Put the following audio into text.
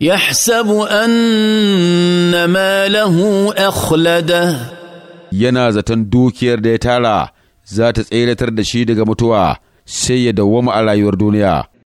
يحسب أن ما له أخلده yana zaton dukiyar da ya tara za ta tseratar da shi daga mutuwa sai ya dawwama a rayuwar duniya